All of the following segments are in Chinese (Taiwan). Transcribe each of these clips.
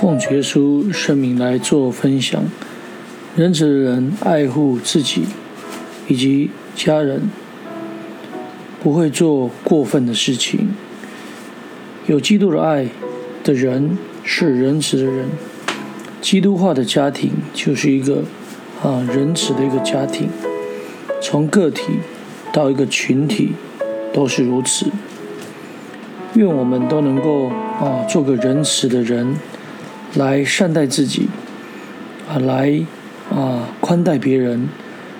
奉耶穌聖名來做分享，仁慈的人愛護自己以及家人，不會做過分的事情。有基督的愛的人是仁慈的人，基督化的家庭就是一個啊、呃、仁慈的一個家庭，從個體到一個群體都是如此。願我們都能夠啊、呃、做個仁慈的人。來善待自己，啊，來啊寬待別人，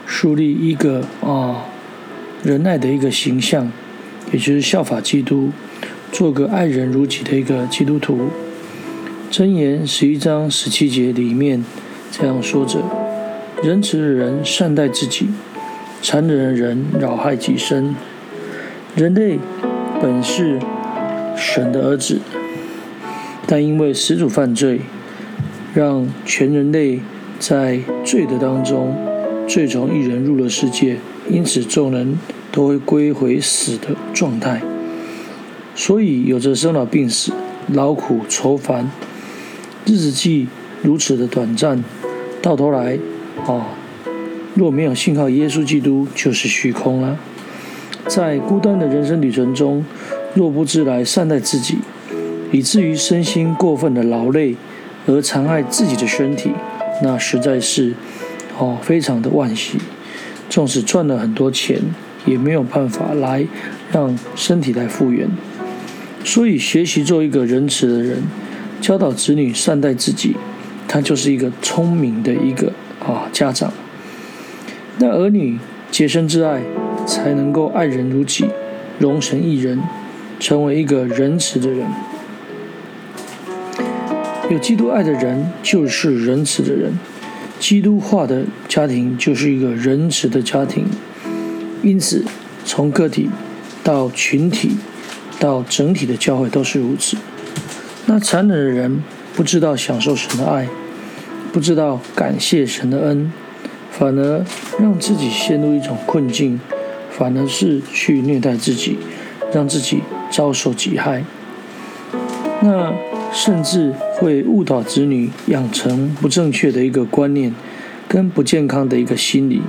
樹立一個啊仁愛的一個形象，也就是效法基督，做個愛人如己的一個基督徒。箴言十一章十七節裡面這樣說着：仁慈的人善待自己，殘忍的人擾害己身。人類本是神的兒子。但因為始祖犯罪，讓全人類在罪的當中，罪從一人入了世界，因此眾人都會歸回死的狀態。所以有着生老病死、勞苦愁煩，日子既如此的短暫，到頭來，啊、哦，若沒有信靠耶穌基督，就是虛空了、啊。在孤單的人生旅程中，若不知來善待自己。以至於身心過分的勞累，而殘害自己的身體，那實在是哦非常的惋惜，縱使賺了很多錢，也沒有辦法來讓身體來復原。所以，學習做一個仁慈的人，教導子女善待自己，他就是一個聰明的一個啊、哦、家長。那兒女潔身自愛，才能夠愛人如己，榮神益人，成為一個仁慈的人。有基督愛的人就是仁慈的人，基督化的家庭就是一個仁慈的家庭。因此，從個體到群體到整體的教會都是如此。那殘忍的人不知道享受神的愛，不知道感謝神的恩，反而讓自己陷入一種困境，反而是去虐待自己，讓自己遭受極害。那。甚至會誤導子女養成不正確的一個觀念，跟不健康的一個心理，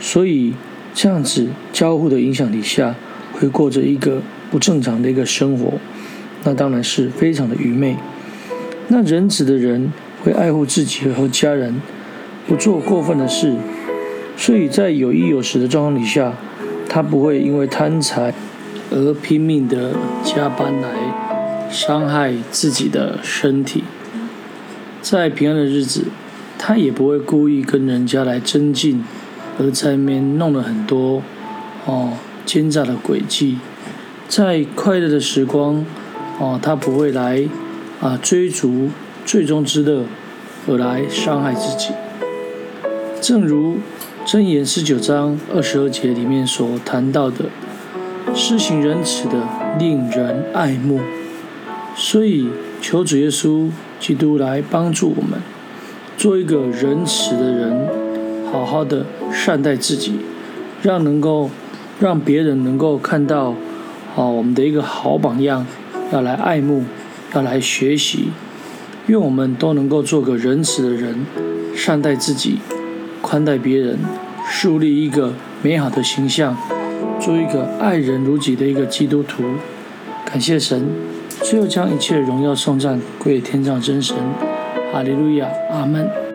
所以這樣子交互的影響底下，會過着一個不正常的一個生活，那當然是非常的愚昧。那仁慈的人會愛護自己和家人，不做過分的事，所以在有衣有食的狀況底下，他不會因為貪財而拼命的加班來傷害自己的身體，在平安的日子，他也不會故意跟人家來爭競，而在裡面弄了很多哦奸詐的詭計。在快樂的時光，哦，他不會來啊追逐罪中之樂，而來傷害自己。正如箴言十九章二十二節裡面所談到的，施行仁慈的令人愛慕。所以，求主耶穌基督來幫助我們，做一個仁慈的人，好好的善待自己，讓能夠讓別人能夠看到，啊、哦，我們的一個好榜樣，要來愛慕，要來學習。願我們都能夠做個仁慈的人，善待自己，寬待別人，樹立一個美好的形象，做一個愛人如己的一個基督徒。感謝神。最後將一切榮耀頌讚歸天上真神，哈利路亞，阿門。